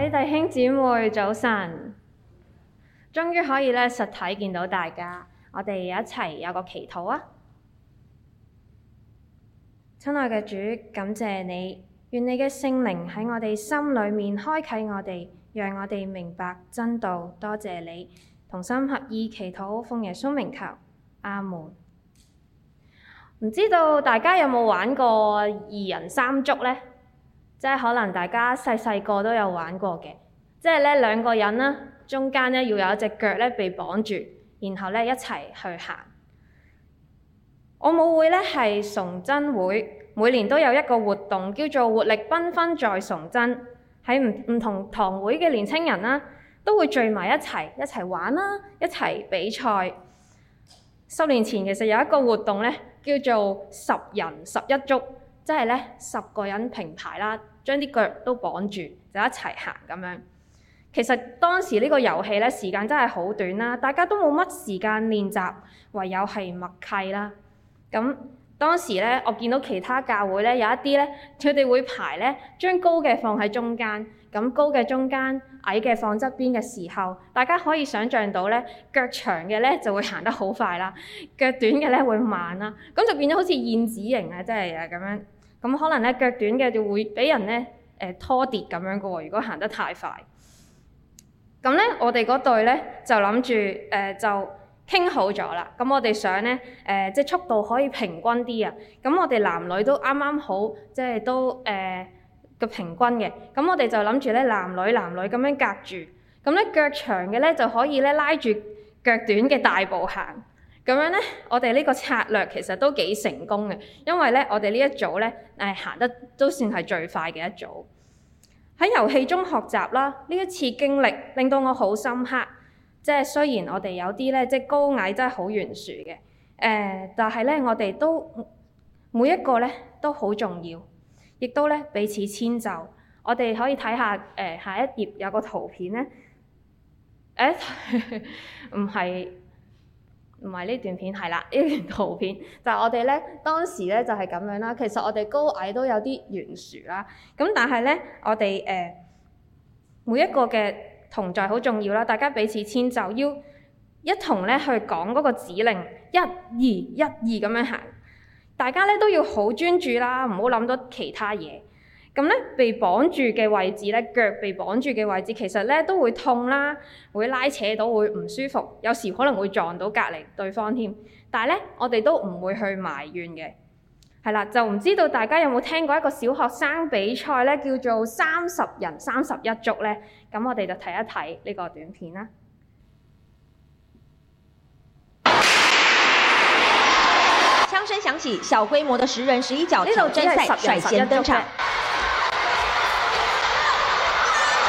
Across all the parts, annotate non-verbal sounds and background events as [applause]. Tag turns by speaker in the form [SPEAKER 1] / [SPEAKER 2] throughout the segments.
[SPEAKER 1] 喺弟兄姊妹，早晨，終於可以咧實體見到大家，我哋一齊有個祈禱啊！親愛嘅主，感謝你，願你嘅聖靈喺我哋心裏面開啟我哋，讓我哋明白真道。多謝你，同心合意祈禱奉耶穌名求，阿門。唔知道大家有冇玩過二人三足呢？即係可能大家細細個都有玩過嘅，即係咧兩個人啦，中間咧要有一隻腳咧被綁住，然後咧一齊去行。我母會咧係崇真會，每年都有一個活動叫做活力繽紛在崇真，喺唔唔同堂會嘅年輕人啦，都會聚埋一齊一齊玩啦，一齊比賽。十年前其實有一個活動咧，叫做十人十一足。即係咧，十個人平排啦，將啲腳都綁住，就一齊行咁樣。其實當時呢個遊戲咧，時間真係好短啦，大家都冇乜時間練習，唯有係默契啦。咁當時咧，我見到其他教會咧有一啲咧，佢哋會排咧，將高嘅放喺中間，咁高嘅中間，矮嘅放側邊嘅時候，大家可以想像到咧，腳長嘅咧就會行得好快啦，腳短嘅咧會慢啦，咁就變咗好似燕子型啊，即係誒咁樣。咁可能咧腳短嘅就會俾人咧誒拖跌咁樣嘅喎，如果行得太快。咁咧我哋嗰對咧就諗住誒就傾好咗啦。咁我哋想咧誒、呃、即係速度可以平均啲啊。咁我哋男女都啱啱好，即係都誒個、呃、平均嘅。咁我哋就諗住咧男女男女咁樣隔住。咁咧腳長嘅咧就可以咧拉住腳短嘅大步行。咁樣咧，我哋呢個策略其實都幾成功嘅，因為咧，我哋呢一組咧誒行得都算係最快嘅一組。喺遊戲中學習啦，呢一次經歷令到我好深刻。即係雖然我哋有啲咧，即係高矮真係好懸殊嘅，誒、呃，但係咧，我哋都每一個咧都好重要，亦都咧彼此遷就。我哋可以睇下誒、呃、下一頁有個圖片咧，誒唔係。 [laughs] 唔係呢段片，係啦呢段圖片，就係、我哋咧當時咧就係、係、咁樣啦。其實我哋高矮都有啲懸殊啦，咁但係咧我哋誒、呃、每一個嘅同在好重要啦，大家彼此遷就，要一同咧去講嗰個指令，一二一二咁樣行，大家咧都要好專注啦，唔好諗到其他嘢。咁咧，被綁住嘅位置咧，腳被綁住嘅位置，其實咧都會痛啦，會拉扯到，會唔舒服，有時可能會撞到隔離對方添。但係咧，我哋都唔會去埋怨嘅。係啦，就唔知道大家有冇聽過一個小學生比賽咧，叫做三十人三十一足咧。咁我哋就睇一睇呢個短片啦。槍聲響起，小規模的十人十一腳投籃賽率先登場。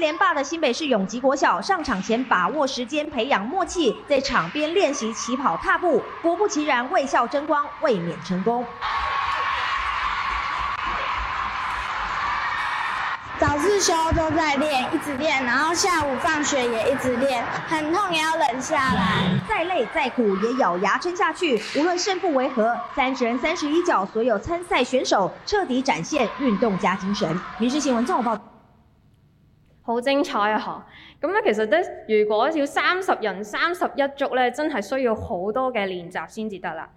[SPEAKER 1] 聯霸的新北市永吉國小上場前把握時間培養默契，在場邊練習起跑踏步，果不其然為校爭光，衛冕成功。早自修都在練，一直練，然後下午放學也一直練，很痛也要忍下來，再累再苦也咬牙撐下去。無論勝負為何，三十人三十一腳，所有參賽選手徹底展現運動家精神。民生新聞綜合報。好精彩啊！嚇，咁咧其實咧，如果要三十人三十一足咧，真係需要好多嘅練習先至得啦。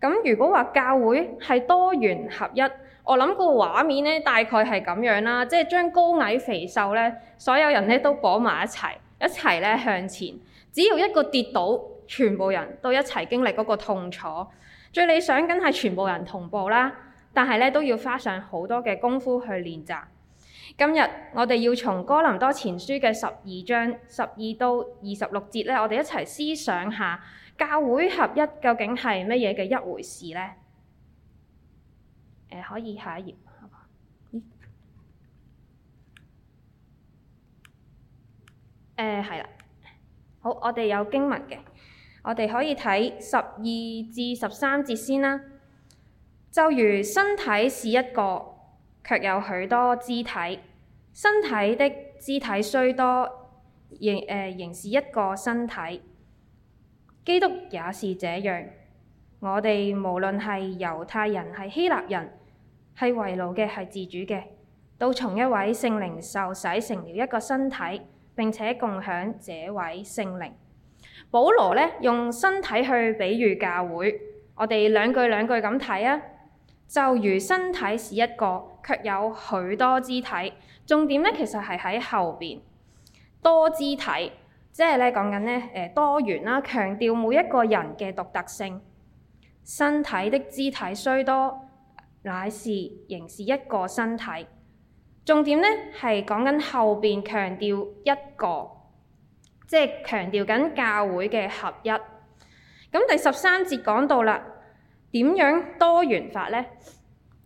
[SPEAKER 1] 咁如果話教會係多元合一，我諗個畫面咧大概係咁樣啦，即係將高矮肥瘦咧，所有人咧都綁埋一齊，一齊咧向前。只要一個跌倒，全部人都一齊經歷嗰個痛楚。最理想梗係全部人同步啦，但係咧都要花上好多嘅功夫去練習。今日我哋要從哥林多前書嘅十二章十二到二十六節呢，我哋一齊思想下教會合一究竟係乜嘢嘅一回事呢？呃、可以下一頁。誒，係、欸、啦、呃。好，我哋有經文嘅，我哋可以睇十二至十三節先啦。就如身體是一個。卻有許多肢體，身體的肢體雖多，仍誒仍是一個身體。基督也是這樣。我哋無論係猶太人、係希臘人、係為奴嘅、係自主嘅，都從一位聖靈受洗成了一個身體，並且共享這位聖靈。保羅呢，用身體去比喻教會，我哋兩句兩句咁睇啊！就如身體是一個，卻有許多肢體。重點呢，其實係喺後邊多肢體，即係呢講緊呢誒多元啦，強調每一個人嘅獨特性。身體的肢體雖多，乃是仍是一個身體。重點呢，係講緊後邊，強調一個，即係強調緊教會嘅合一。咁第十三節講到啦。點樣多元法呢？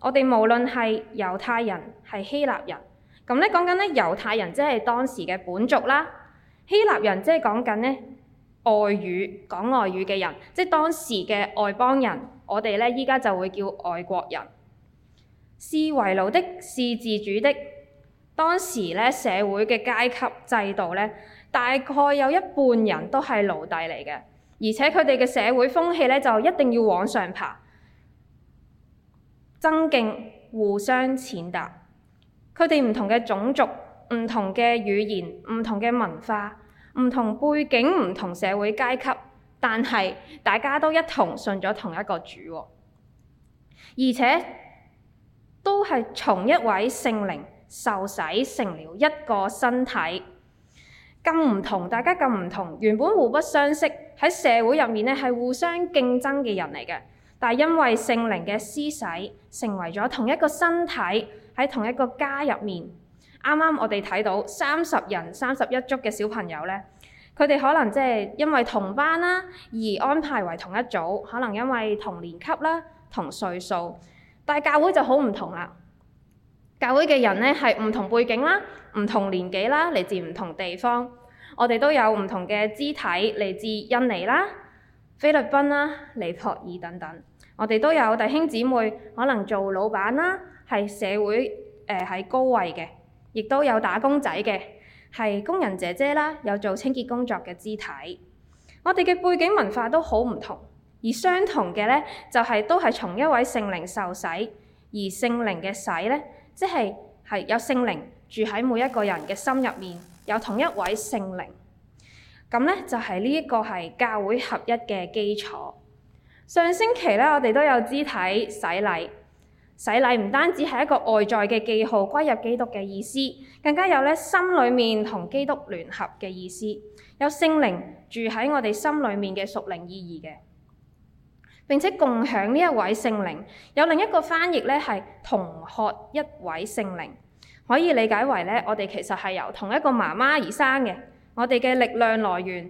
[SPEAKER 1] 我哋無論係猶太人係希臘人，咁咧講緊咧猶太人即係當時嘅本族啦，希臘人即係講緊咧外語講外語嘅人，即係當時嘅外，外，外邦人。我哋咧依家就會叫外國人。是為奴的，是自主的。當時咧社會嘅階級制度咧，大概有一半人都係奴隸嚟嘅。而且佢哋嘅社會風氣呢，就一定要往上爬，爭競互相踐踏。佢哋唔同嘅種族、唔同嘅語言、唔同嘅文化、唔同背景、唔同社會階級，但係大家都一同信咗同一個主，啊，而且都係從一位聖靈受洗成了一個身體。更唔同，大家更唔同，原本互不相識。喺社會入面咧，係互相競爭嘅人嚟嘅，但因為聖靈嘅施洗，成為咗同一個身體喺同一個家入面。啱啱我哋睇到三十人三十一足嘅小朋友呢，佢哋可能即係因為同班啦，而安排為同一組；可能因為同年級啦，同歲數。但教會就好唔同啦，教會嘅人呢係唔同背景啦，唔同年紀啦，嚟自唔同地方。我哋都有唔同嘅肢體，嚟自印尼啦、菲律賓啦、尼泊爾等等。我哋都有弟兄姊妹，可能做老闆啦，係社會誒喺、呃、高位嘅，亦都有打工仔嘅，係工人姐姐啦，有做清潔工作嘅肢體。我哋嘅背景文化都好唔同，而相同嘅呢，就係、是、都係從一位聖靈受洗，而聖靈嘅洗呢，即係係有聖靈住喺每一個人嘅心入面。有同一位聖靈，咁呢就係呢一個係教會合一嘅基礎。上星期呢，我哋都有肢體洗禮，洗禮唔單止係一個外在嘅記號，歸入基督嘅意思，更加有呢心裏面同基督聯合嘅意思，有聖靈住喺我哋心裏面嘅屬靈意義嘅。並且共享呢一位聖靈，有另一個翻譯呢，係同喝一位聖靈。可以理解為咧，我哋其實係由同一個媽媽而生嘅，我哋嘅力量來源、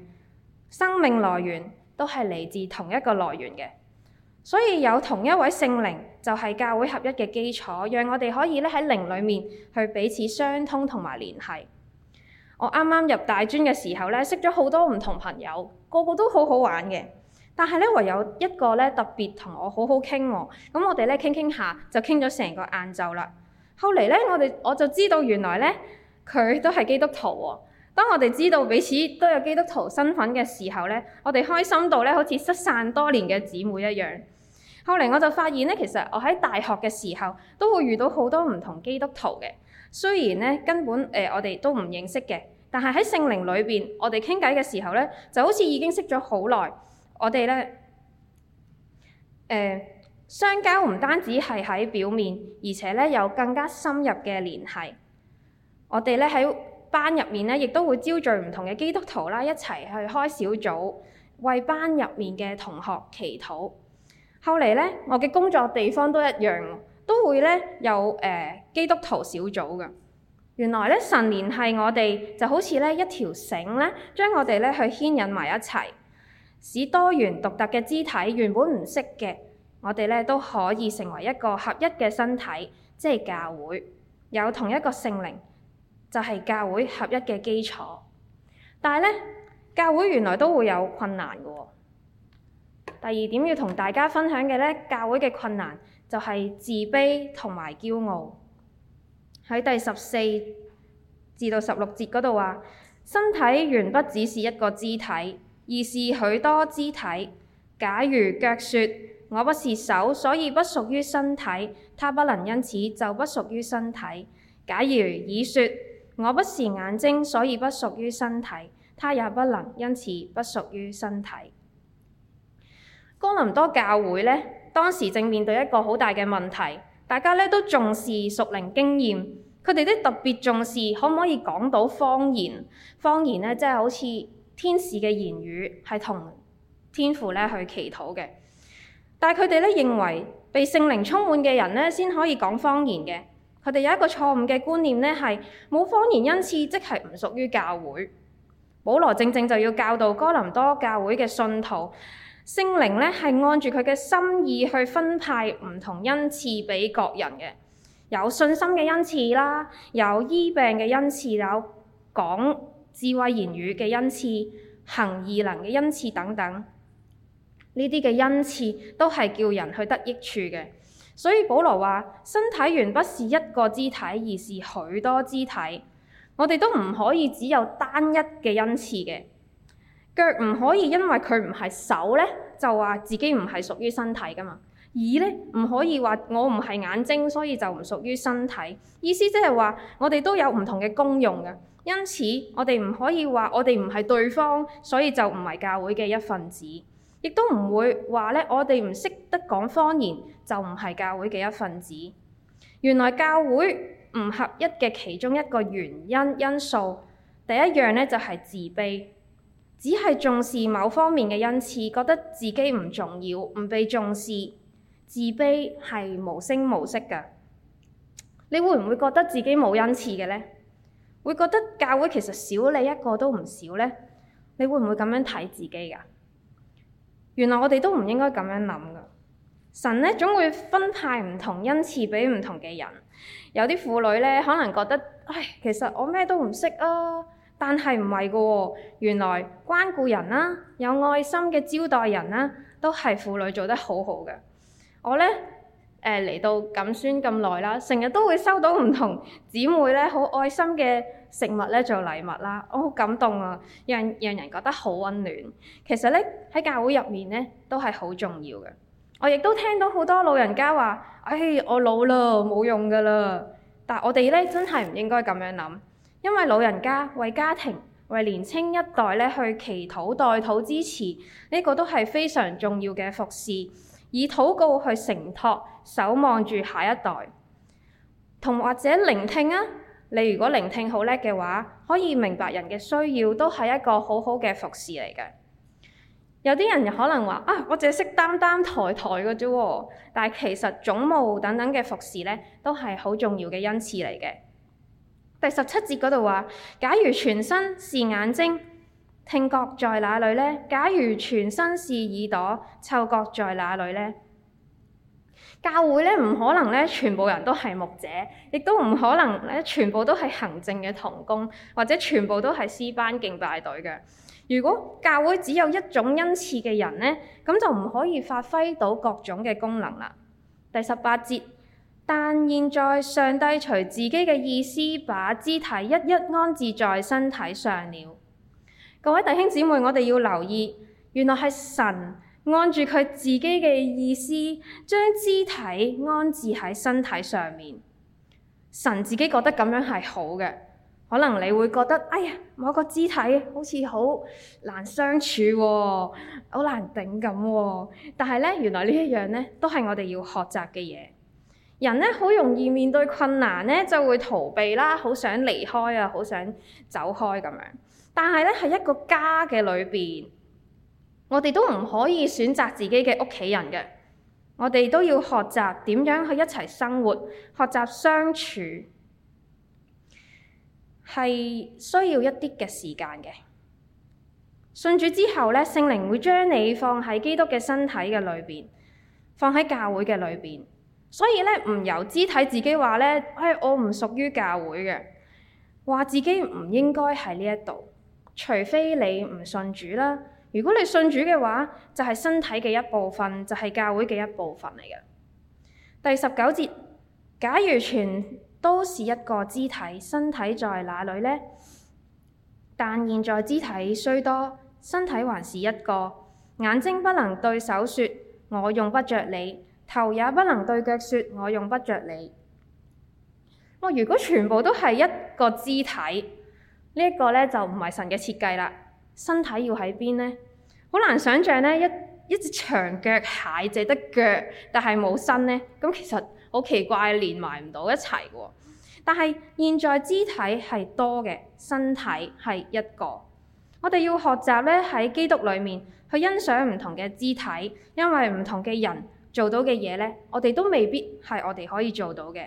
[SPEAKER 1] 生命來源都係嚟自同一個來源嘅，所以有同一位聖靈就係、是、教會合一嘅基礎，讓我哋可以咧喺靈裡面去彼此相通同埋聯繫。我啱啱入大專嘅時候咧，識咗好多唔同朋友，個個都好好玩嘅，但係咧唯有一個咧特別同我好好傾喎、啊，咁我哋咧傾傾下就傾咗成個晏晝啦。後嚟咧，我哋我就知道原來咧，佢都係基督徒喎、哦。當我哋知道彼此都有基督徒身份嘅時候咧，我哋開心到咧，好似失散多年嘅姊妹一樣。後嚟我就發現咧，其實我喺大學嘅時候都會遇到好多唔同基督徒嘅，雖然咧根本誒、呃、我哋都唔認識嘅，但係喺聖靈裏邊，我哋傾偈嘅時候咧，就好似已經識咗好耐，我哋咧誒。呃相交唔單止係喺表面，而且咧有更加深入嘅聯繫。我哋咧喺班入面咧，亦都會召聚唔同嘅基督徒啦，一齊去開小組，為班入面嘅同學祈禱。後嚟咧，我嘅工作地方都一樣，都會咧有誒、呃、基督徒小組嘅。原來咧神聯繫我哋就好似咧一條繩咧，將我哋咧去牽引埋一齊，使多元獨特嘅肢體原本唔識嘅。我哋咧都可以成為一個合一嘅身體，即係教會有同一個聖靈，就係、是、教會合一嘅基礎。但係呢，教會原來都會有困難嘅，哦。第二點要同大家分享嘅呢，教會嘅困難就係自卑同埋驕傲。喺第十四至到十六節嗰度話，身體原不只是一個肢體，而是許多肢體。假如腳說。我不是手，所以不屬於身體，它不能因此就不屬於身體。假如耳說我不是眼睛，所以不屬於身體，它也不能因此不屬於身體。哥林多教會呢，當時正面對一個好大嘅問題，大家呢都重視屬靈經驗，佢哋都特別重視可唔可以講到方言。方言呢，即係好似天使嘅言語，係同天父呢去祈禱嘅。但係佢哋咧認為被聖靈充滿嘅人咧先可以講方言嘅。佢哋有一個錯誤嘅觀念咧，係冇方言恩賜即係唔屬於教會。保羅正正就要教導哥林多教會嘅信徒，聖靈咧係按住佢嘅心意去分派唔同恩賜俾各人嘅。有信心嘅恩賜啦，有醫病嘅恩賜，有講智慧言語嘅恩賜，行異能嘅恩賜等等。呢啲嘅恩賜都係叫人去得益處嘅，所以保羅話：身體原不是一個肢體，而是許多肢體。我哋都唔可以只有單一嘅恩賜嘅，腳唔可以因為佢唔係手咧，就話自己唔係屬於身體噶嘛。耳咧唔可以話我唔係眼睛，所以就唔屬於身體。意思即係話我哋都有唔同嘅功用噶，因此我哋唔可以話我哋唔係對方，所以就唔係教會嘅一份子。亦都唔會話咧，我哋唔識得講方言就唔係教會嘅一份子。原來教會唔合一嘅其中一個原因因素，第一樣呢，就係自卑，只係重視某方面嘅恩賜，覺得自己唔重要、唔被重視。自卑係無聲無息㗎。你會唔會覺得自己冇恩賜嘅呢？會覺得教會其實少你一個都唔少呢？你會唔會咁樣睇自己噶？原來我哋都唔應該咁樣諗噶。神咧總會分派唔同恩賜俾唔同嘅人。有啲婦女咧可能覺得，唉，其實我咩都唔識啊。但係唔係噶喎？原來關顧人啦、啊，有愛心嘅招待人啦、啊，都係婦女做得好好噶。我咧誒嚟到錦孫咁耐啦，成日都會收到唔同姊妹咧好愛心嘅。食物咧做禮物啦，我好感動啊，讓讓人覺得好溫暖。其實咧喺教會入面咧都係好重要嘅。我亦都聽到好多老人家話：唉，我老啦，冇用噶啦。但係我哋咧真係唔應該咁樣諗，因為老人家為家庭、為年青一代咧去祈禱代禱支持呢個都係非常重要嘅服侍，以禱告去承托、守望住下一代，同或者聆聽啊。你如果聆聽好叻嘅話，可以明白人嘅需要，都係一個好好嘅服侍嚟嘅。有啲人可能話：啊，我淨係識擔擔抬抬嘅啫。但係其實總務等等嘅服侍咧，都係好重要嘅恩賜嚟嘅。第十七節嗰度話：假如全身是眼睛，聽覺在哪裏咧？假如全身是耳朵，嗅覺在哪裏咧？教會呢，唔可能呢全部人都係牧者，亦都唔可能呢全部都係行政嘅同工，或者全部都係詩班敬拜隊嘅。如果教會只有一種恩賜嘅人呢，咁就唔可以發揮到各種嘅功能啦。第十八節，但現在上帝隨自己嘅意思把肢體一一安置在身體上了。各位弟兄姊妹，我哋要留意，原來係神。按住佢自己嘅意思，將肢體安置喺身體上面。神自己覺得咁樣係好嘅，可能你會覺得，哎呀，某個肢體好似好難相處啊，好難頂咁啊。但係咧，原來呢一樣咧，都係我哋要學習嘅嘢。人咧好容易面對困難咧，就會逃避啦，好想離開啊，好想走開咁樣。但係咧，喺一個家嘅裏邊。我哋都唔可以選擇自己嘅屋企人嘅，我哋都要學習點樣去一齊生活，學習相處，係需要一啲嘅時間嘅。信主之後咧，聖靈會將你放喺基督嘅身體嘅裏邊，放喺教會嘅裏邊。所以咧，唔由肢體自己話咧，哎，我唔屬於教會嘅，話自己唔應該喺呢一度，除非你唔信主啦。如果你信主嘅話，就係、是、身體嘅一部分，就係、是、教會嘅一部分嚟嘅。第十九節，假如全都是一個肢體，身體在哪裏呢？但現在肢體雖多，身體還是一個。眼睛不能對手說我用不着你，頭也不能對腳說我用不着你。哇！如果全部都係一個肢體，呢、這、一個呢，就唔係神嘅設計啦。身體要喺邊呢？好難想像咧，一一隻長腳蟹只得腳，但係冇身呢。咁其實好奇怪，連埋唔到一齊嘅。但係現在肢體係多嘅，身體係一個。我哋要學習咧喺基督裏面去欣賞唔同嘅肢體，因為唔同嘅人做到嘅嘢咧，我哋都未必係我哋可以做到嘅。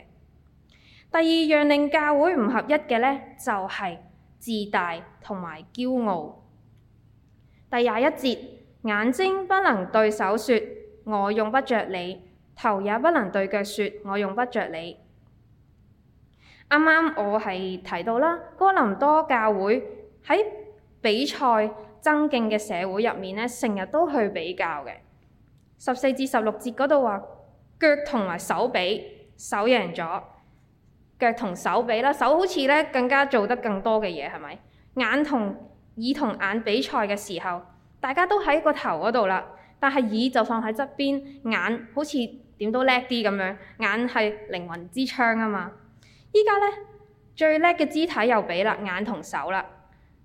[SPEAKER 1] 第二樣令教會唔合一嘅咧，就係自大同埋驕傲。第廿一節，眼睛不能對手說我用不着你，頭也不能對腳說我用不着你。啱啱我係提到啦，哥林多教會喺比賽增勁嘅社會入面呢，成日都去比較嘅。十四至十六節嗰度話腳同埋手比，手贏咗，腳同手比啦，手好似呢更加做得更多嘅嘢，係咪？眼同。耳同眼比賽嘅時候，大家都喺一個頭嗰度啦，但係耳就放喺側邊，眼好似點都叻啲咁樣。眼係靈魂之窗啊嘛！依家咧最叻嘅肢體又比啦，眼同手啦，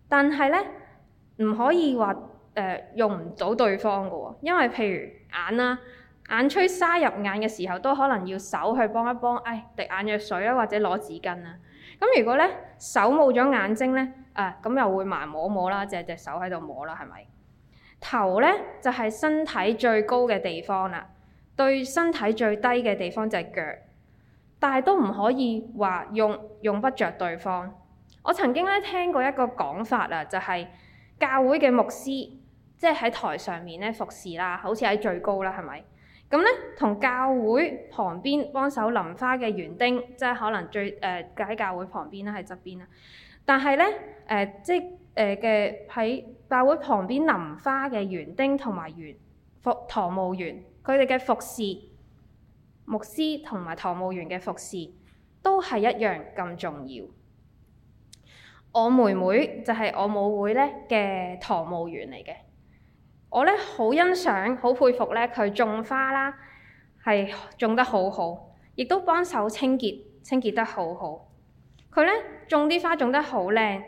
[SPEAKER 1] 但係咧唔可以話誒、呃、用唔到對方嘅喎，因為譬如眼啦，眼吹沙入眼嘅時候都可能要手去幫一幫，唉、哎，滴眼藥水啦、啊，或者攞紙巾啊。咁如果咧手冇咗眼睛咧，啊，咁又會盲摸摸啦，隻隻手喺度摸啦，係咪？頭咧就係身體最高嘅地方啦，對身體最低嘅地方隻腳，但係都唔可以話用用不著對方。我曾經咧聽過一個講法啊，就係教會嘅牧師即係喺台上面咧服侍啦，好似喺最高啦，係咪？咁咧，同教會旁邊幫手淋花嘅園丁，即係可能最誒喺、呃、教會旁邊啦，喺側邊啦。但係咧，誒、呃、即係嘅喺教會旁邊淋花嘅園丁同埋園服堂務員，佢哋嘅服侍牧師同埋堂務員嘅服侍都係一樣咁重要。我妹妹就係我母會咧嘅堂務員嚟嘅。我咧好欣賞、好佩服咧佢種花啦，係種得好好，亦都幫手清潔，清潔得好好。佢咧種啲花種得好靚，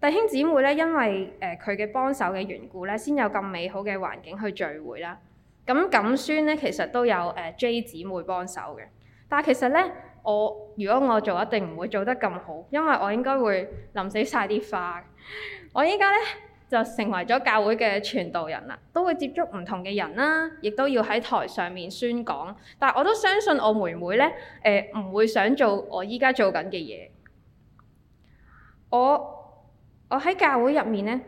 [SPEAKER 1] 弟兄姊妹咧因為誒佢嘅幫手嘅緣故咧，先有咁美好嘅環境去聚會啦。咁、嗯、錦孫咧其實都有誒、呃、J 姊妹幫手嘅，但係其實咧我如果我做一定唔會做得咁好，因為我應該會淋死晒啲花。我依家咧，就成為咗教會嘅傳道人啦，都會接觸唔同嘅人啦，亦都要喺台上面宣講。但係我都相信我妹妹咧，誒、呃、唔會想做我依家做緊嘅嘢。我我喺教會入面咧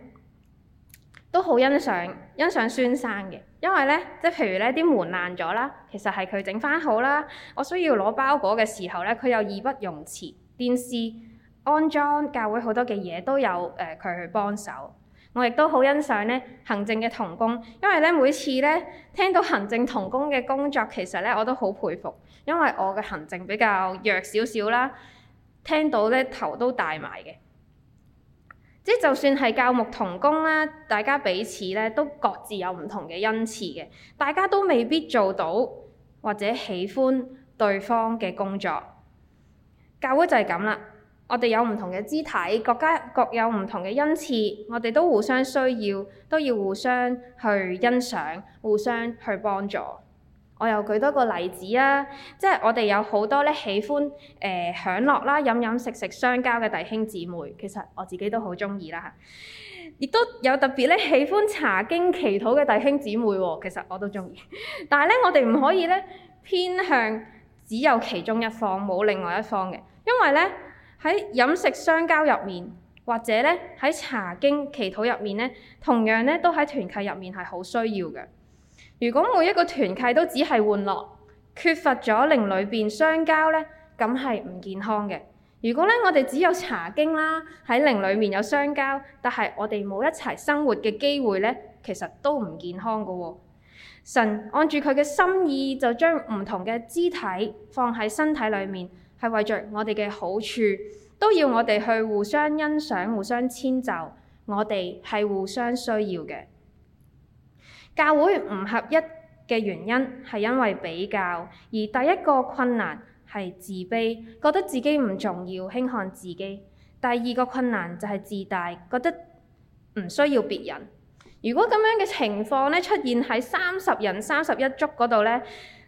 [SPEAKER 1] 都好欣賞欣賞孫生嘅，因為咧即係譬如咧啲門爛咗啦，其實係佢整翻好啦。我需要攞包裹嘅時候咧，佢又義不容辭。電視安裝，教會好多嘅嘢都有誒佢、呃、去幫手。我亦都好欣賞咧行政嘅同工，因為咧每次咧聽到行政同工嘅工作，其實咧我都好佩服，因為我嘅行政比較弱少少啦，聽到咧頭都大埋嘅。即係就算係教牧同工啦，大家彼此咧都各自有唔同嘅恩賜嘅，大家都未必做到或者喜歡對方嘅工作，教會就係咁啦。我哋有唔同嘅肢體，各家各有唔同嘅恩賜，我哋都互相需要，都要互相去欣賞，互相去幫助。我有舉多個例子、啊呃、啦，即係我哋有好多咧喜歡誒享樂啦，飲飲食食相交嘅弟兄姊妹，其實我自己都好中意啦。亦都有特別咧喜歡查經祈禱嘅弟兄姊妹喎、哦，其實我都中意。但係咧，我哋唔可以咧偏向只有其中一方冇另外一方嘅，因為咧。喺飲食相交入面，或者咧喺查經祈禱入面咧，同樣咧都喺團契入面係好需要嘅。如果每一個團契都只係玩樂，缺乏咗靈裏邊相交咧，咁係唔健康嘅。如果咧我哋只有查經啦，喺靈裏面有相交，但係我哋冇一齊生活嘅機會咧，其實都唔健康嘅喎。神按住佢嘅心意，就將唔同嘅肢體放喺身體裏面。係為著我哋嘅好處，都要我哋去互相欣賞、互相遷就。我哋係互相需要嘅。教會唔合一嘅原因係因為比較，而第一個困難係自卑，覺得自己唔重要，輕看自己。第二個困難就係自大，覺得唔需要別人。如果咁樣嘅情況咧出現喺三十人、三十一足嗰度咧？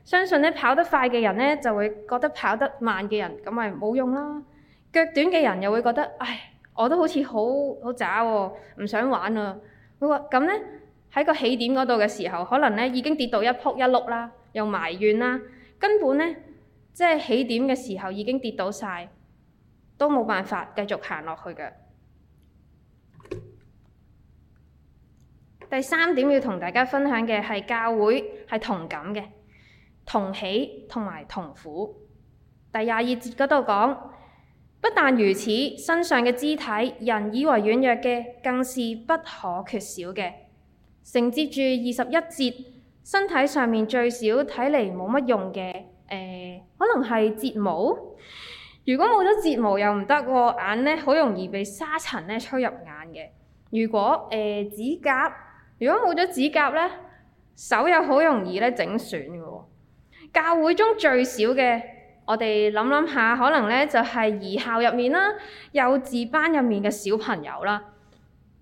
[SPEAKER 1] 相信咧跑得快嘅人咧就會覺得跑得慢嘅人咁咪冇用啦。腳短嘅人又會覺得，唉，我都好似好好渣喎，唔想玩啊。佢話咁咧喺個起點嗰度嘅時候，可能咧已經跌到一仆一碌啦，又埋怨啦，根本咧即係起點嘅時候已經跌到晒，都冇辦法繼續行落去嘅。第三點要同大家分享嘅係教會係同感嘅。同喜同埋同苦。第廿二節嗰度講，不但如此，身上嘅肢體，人以為軟弱嘅，更是不可缺少嘅。承接住二十一節，身體上面最少睇嚟冇乜用嘅，誒、呃，可能係睫毛。如果冇咗睫毛又唔得喎，眼呢，好容易被沙塵咧吹入眼嘅。如果誒、呃、指甲，如果冇咗指甲呢，手又好容易咧整損嘅。教會中最少嘅，我哋諗諗下，可能咧就係兒校入面啦、幼稚班入面嘅小朋友啦。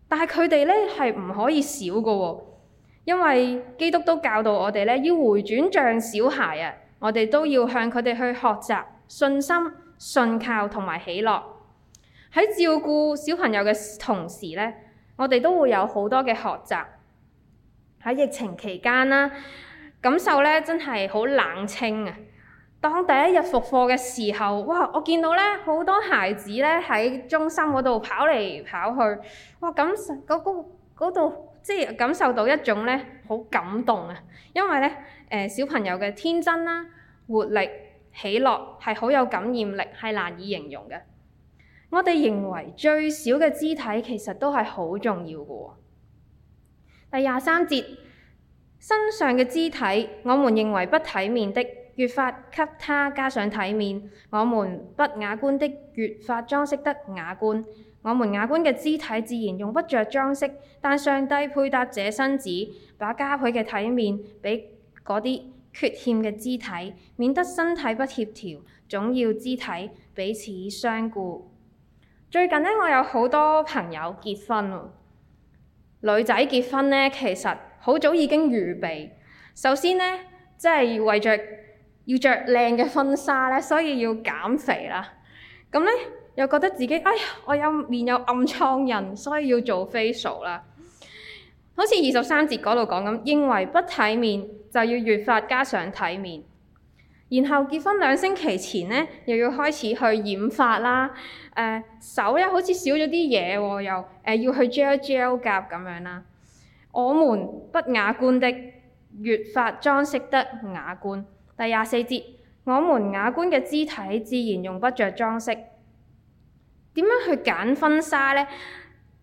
[SPEAKER 1] 但係佢哋咧係唔可以少㗎喎，因為基督都教導我哋咧要回轉像小孩啊！我哋都要向佢哋去學習信心、信靠同埋喜樂。喺照顧小朋友嘅同時咧，我哋都會有好多嘅學習。喺疫情期間啦。感受咧真係好冷清啊！當第一日復課嘅時候，哇！我見到咧好多孩子咧喺中心嗰度跑嚟跑去，哇！感受嗰度即係感受到一種咧好感動啊！因為咧誒、呃、小朋友嘅天真啦、活力、喜樂係好有感染力，係難以形容嘅。我哋認為最少嘅肢體其實都係好重要嘅。第廿三節。身上嘅肢體，我們認為不體面的，越發給他加上體面；我們不雅觀的，越發裝飾得雅觀；我們雅觀嘅肢體，自然用不着裝飾。但上帝配搭這身子，把加倍嘅體面俾嗰啲缺陷嘅肢體，免得身體不協調，總要肢體彼此相顧。最近呢，我有好多朋友結婚，女仔結婚呢，其實。好早已經預備，首先呢，即係為着要着靚嘅婚紗呢，所以要減肥啦。咁呢，又覺得自己，哎呀，我有面有暗瘡印，所以要做 facial 啦。好似二十三節嗰度講咁，認為不體面就要越發加上體面。然後結婚兩星期前呢，又要開始去染髮啦。誒、呃、手咧好似少咗啲嘢喎，又誒、呃、要去 gel gel 夾咁樣啦。我們不雅觀的，越發裝飾得雅觀。第廿四節，我們雅觀嘅肢體自然用不着裝飾。點樣去揀婚紗呢？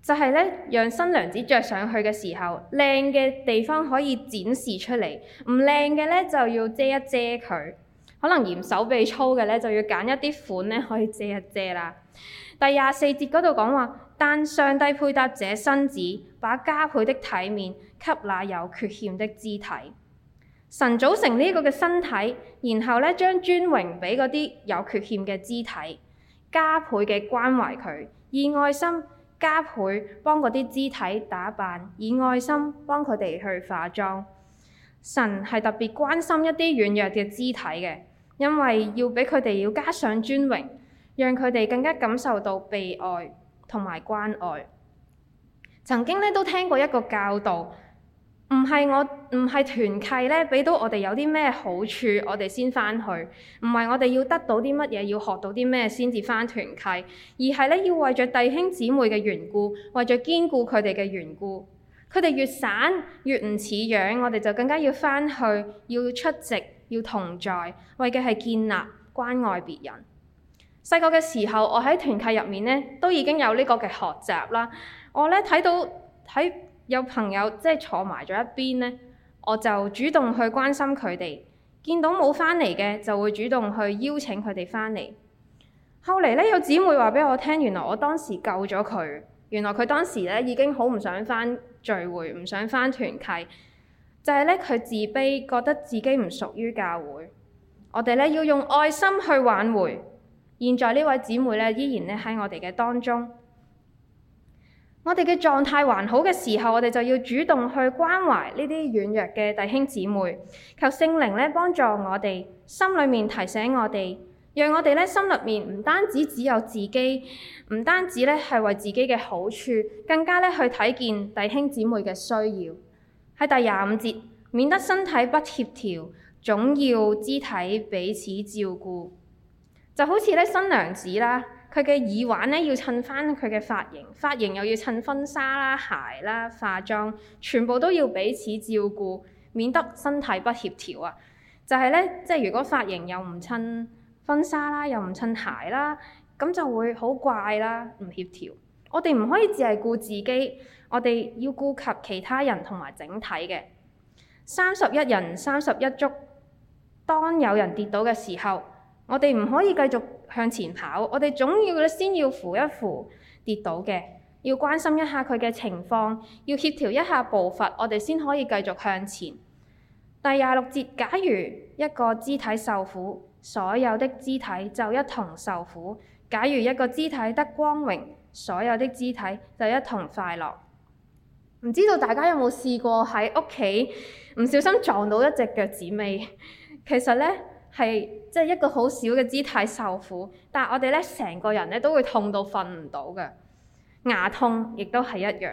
[SPEAKER 1] 就係呢，讓新娘子著上去嘅時候，靚嘅地方可以展示出嚟，唔靚嘅呢，就要遮一遮佢。可能嫌手臂粗嘅呢，就要揀一啲款呢，可以遮一遮啦。第廿四節嗰度講話。但上帝配搭這身子，把加倍的體面給那有缺陷的肢體。神組成呢個嘅身體，然後咧將尊榮俾嗰啲有缺陷嘅肢體，加倍嘅關懷佢，以愛心加倍幫嗰啲肢體打扮，以愛心幫佢哋去化妝。神係特別關心一啲軟弱嘅肢體嘅，因為要俾佢哋要加上尊榮，讓佢哋更加感受到被愛。同埋關愛，曾經咧都聽過一個教導，唔係我唔係團契咧，俾到我哋有啲咩好處，我哋先翻去，唔係我哋要得到啲乜嘢，要學到啲咩先至翻團契，而係咧要為著弟兄姊妹嘅緣故，為著堅固佢哋嘅緣故，佢哋越散越唔似樣，我哋就更加要翻去，要出席，要同在，為嘅係建立關愛別人。細個嘅時候，我喺團契入面咧，都已經有呢個嘅學習啦。我咧睇到，睇有朋友即係坐埋咗一邊咧，我就主動去關心佢哋。見到冇翻嚟嘅，就會主動去邀請佢哋翻嚟。後嚟咧，有姊妹話俾我聽，原來我當時救咗佢，原來佢當時咧已經好唔想翻聚會，唔想翻團契，就係咧佢自卑，覺得自己唔屬於教會。我哋咧要用愛心去挽回。現在呢位姐妹咧，依然咧喺我哋嘅當中。我哋嘅狀態還好嘅時候，我哋就要主動去關懷呢啲軟弱嘅弟兄姊妹，求聖靈咧幫助我哋心裏面提醒我哋，讓我哋咧心裏面唔單止只有自己，唔單止咧係為自己嘅好處，更加咧去睇見弟兄姊妹嘅需要。喺第廿五節，免得身體不協調，總要肢體彼此照顧。就好似咧新娘子啦，佢嘅耳環咧要襯翻佢嘅髮型，髮型又要襯婚紗啦、鞋啦、化妝，全部都要彼此照顧，免得身體不協調啊！就係咧，即係如果髮型又唔襯婚紗啦，又唔襯鞋啦，咁就會好怪啦，唔協調。我哋唔可以只係顧自己，我哋要顧及其他人同埋整體嘅。三十一人三十一足，當有人跌倒嘅時候，我哋唔可以繼續向前跑，我哋總要先要扶一扶跌倒嘅，要關心一下佢嘅情況，要協調一下步伐，我哋先可以繼續向前。第廿六節，假如一個肢體受苦，所有的肢體就一同受苦；假如一個肢體得光榮，所有的肢體就一同快樂。唔知道大家有冇試過喺屋企唔小心撞到一隻腳趾尾？其實呢。係即係一個好小嘅肢體受苦，但係我哋咧成個人咧都會痛到瞓唔到嘅，牙痛亦都係一樣。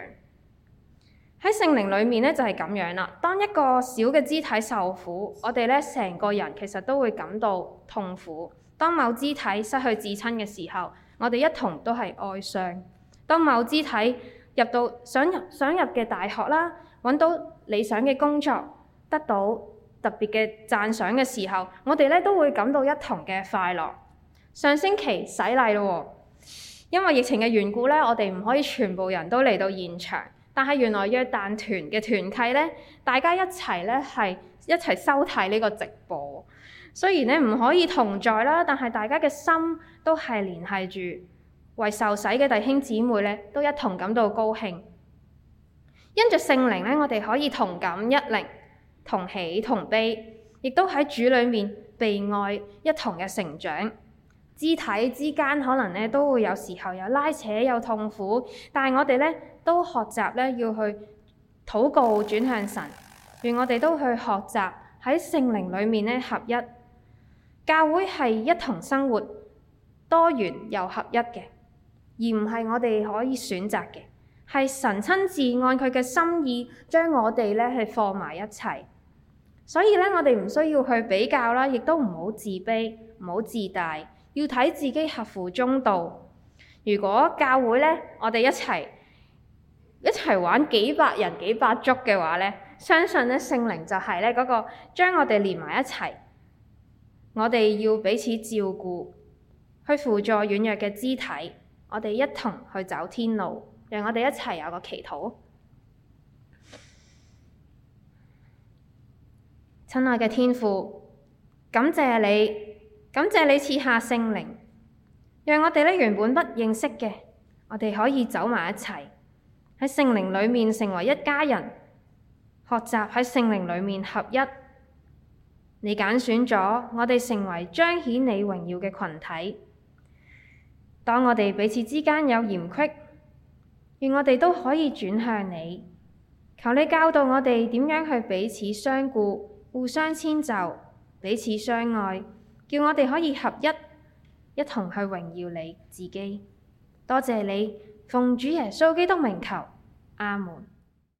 [SPEAKER 1] 喺聖靈裏面咧就係咁樣啦。當一個小嘅肢體受苦，我哋咧成個人其實都會感到痛苦。當某肢體失去至親嘅時候，我哋一同都係哀傷。當某肢體入到想入想入嘅大學啦，揾到理想嘅工作，得到。特別嘅讚賞嘅時候，我哋咧都會感到一同嘅快樂。上星期洗禮咯，因為疫情嘅緣故咧，我哋唔可以全部人都嚟到現場，但係原來約旦團嘅團契咧，大家一齊咧係一齊收睇呢個直播。雖然咧唔可以同在啦，但係大家嘅心都係連繫住，為受洗嘅弟兄姊妹咧都一同感到高興。因著聖靈咧，我哋可以同感一靈。同喜同悲，亦都喺主裏面被愛一同嘅成長。肢體之間可能呢都會有時候有拉扯，有痛苦，但係我哋呢都學習呢要去禱告轉向神，願我哋都去學習喺聖靈裏面呢合一。教會係一同生活，多元又合一嘅，而唔係我哋可以選擇嘅，係神親自按佢嘅心意將我哋呢去放埋一齊。所以咧，我哋唔需要去比較啦，亦都唔好自卑，唔好自大，要睇自己合乎中道。如果教會咧，我哋一齊一齊玩幾百人幾百足嘅話咧，相信咧聖靈就係咧嗰個將我哋連埋一齊，我哋要彼此照顧，去輔助軟弱嘅肢體，我哋一同去走天路，讓我哋一齊有個祈禱。親愛嘅天父，感謝你，感謝你賜下聖靈，讓我哋呢原本不認識嘅，我哋可以走埋一齊喺聖靈裡面成為一家人，學習喺聖靈裡面合一。你揀選咗我哋成為彰顯你榮耀嘅群體。當我哋彼此之間有嫌隙，願我哋都可以轉向你，求你教導我哋點樣去彼此相顧。互相遷就，彼此相愛，叫我哋可以合一，一同去榮耀你自己。多謝你，奉主耶穌基督名求，阿門。